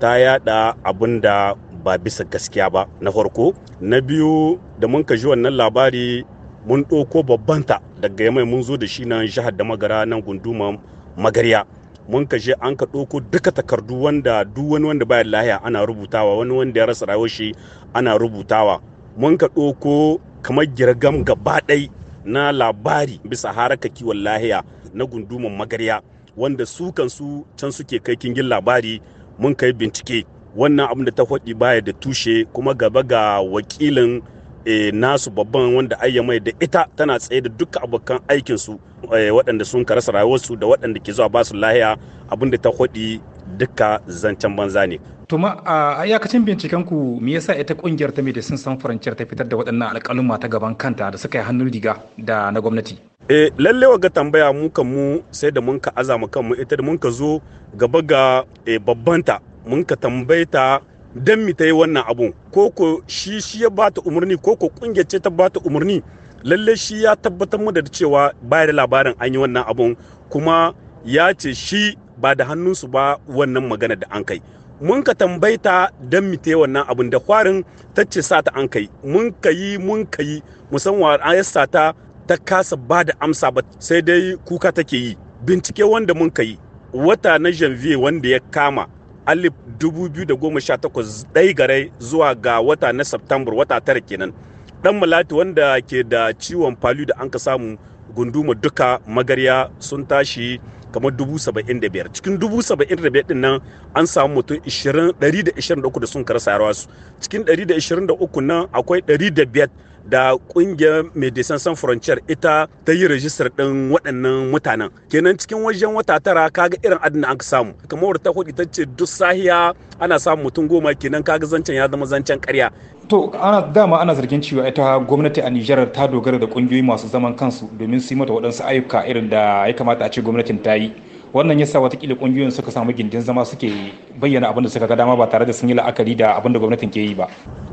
ta yada abin da ba bisa gaskiya ba na farko na biyu da mun ka ji wannan labari mun ɗauko babbanta daga yamai mun zo da shi nan jihar da magara nan gunduma magarya mun ka je an ka ɗauko duka takardu wanda duk wani wanda baya lahiya ana rubutawa wani wanda ya rasa rayuwar shi ana rubutawa mun ka ɗauko kamar girgam gaba ɗai na labari bisa haraka kiwon lahiya na gunduman magarya wanda su kansu can suke kai kingin labari mun kai bincike wannan abin da ta faɗi baya da tushe kuma gaba ga wakilin e, nasu babban wanda ayya mai da ita tana tsaye da duka abokan aikinsu e, waɗanda sun karasa rayuwarsu da waɗanda ke zuwa ba su lahiya abin da ta faɗi duka zancen banza ne. Tuma a iyakacin binciken ku me yasa ita kungiyar ta mai da sun san Frontier ta fitar da waɗannan alƙaluma ta gaban kanta da suka yi hannun riga da na gwamnati? eh lalle wa ga tambaya mu kan mu sai da mun ka azama kanmu ita da mun ka zo gaba ga eh, babbanta mun ka tambayta dan mi ta yi wannan abun ko ko shi shi ya bata umarni ko ko kungiyar ce ta bata umarni lalle shi ya tabbatar mu da cewa bayar da labarin an yi wannan abun kuma ya ce shi ba da hannunsu ba wannan magana da an kai mun ka tambaita don ta yi wannan abun da kwarin ta ce sa ta an kai mun ka yi mun ka yi musamman an ta ta kasa ba da amsa ba sai dai kuka take yi bincike wanda mun ka yi wata na janvier wanda ya kama alif 2018 ɗai garai zuwa ga wata na september wata tara kenan dan malati wanda ke da ciwon palu da an ka samu gunduma duka magarya sun tashi kamar dubu saba'in da biyar cikin dubu saba'in da biyar nan an samu mutum ɗari da ishirin da uku da sun karasa rawa su cikin ɗari da ishirin da uku nan akwai ɗari da biyar da kungiyar medecin sans frontier ita ta yi rajistar din waɗannan mutanen kenan cikin wajen wata tara kaga irin adana an samu kamar ta hudu ta ce duk sahiya ana samu mutum goma kenan kaga zancen ya zama zancen karya to ana dama ana zargin cewa ita gwamnati a Nijar ta dogara da kungiyoyi masu zaman kansu domin su yi mata waɗansu ayyuka irin da ya kamata a ce gwamnatin ta yi wannan yasa watakila kungiyoyin suka samu gindin zama suke bayyana abin da suka ga dama ba tare da sun yi la'akari da abin da gwamnatin ke yi ba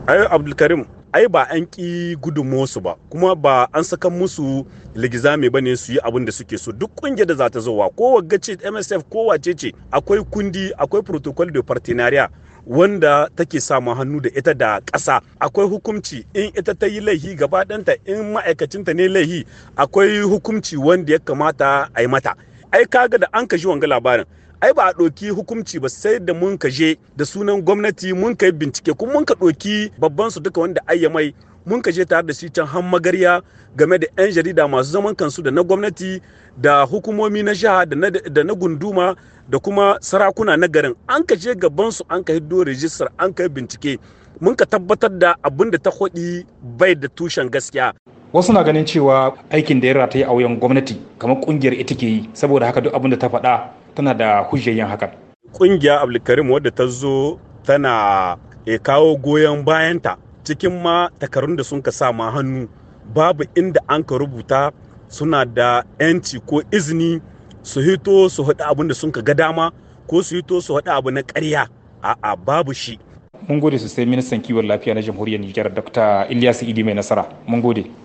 ai abdulkarim ai ba an ƙi gudunmuwarsu ba kuma ba an saka musu ligizami ba ne su yi abin da suke so duk ƙungiyar da za ta zowa ko ce msf ko wace ce akwai kundi akwai protocol de partenariat wanda take samun hannu da ita da ƙasa akwai hukumci in ita ta yi laihi gaba ɗanta in ma'aikacinta ne laihi akwai hukumci wanda ya kamata a yi mata ai kaga da an kashi wanga labarin ai ba a ɗoki hukunci ba sai da mun ka da sunan gwamnati mun ka bincike kuma mun ka ɗoki babban su duka wanda ayya mai mun ka tare da shi can han magarya game da 'yan jarida masu zaman kansu da na gwamnati da hukumomi na jiha da na gunduma da kuma sarakuna na garin an ka je gaban su an ka hiddo rijistar an ka bincike mun ka tabbatar da abin da ta hudi bai da tushen gaskiya wasu na ganin cewa aikin da ya rataye a wuyan gwamnati kamar kungiyar ita ke yi saboda haka duk abin da ta faɗa tana da hujjayen hakan kungiya abdulkarim wadda ta zo tana e, kawo goyon bayanta cikin ma takarun da sun ka sa ma hannu babu inda an ka rubuta suna da 'yanci ko izini su hito su haɗa abin da sun ka ga dama ko su hito su haɗa abu na karya a babu shi mun gode sosai ministan kiwon lafiya na jamhuriyar nijar dr ilyas idi mai nasara mun gode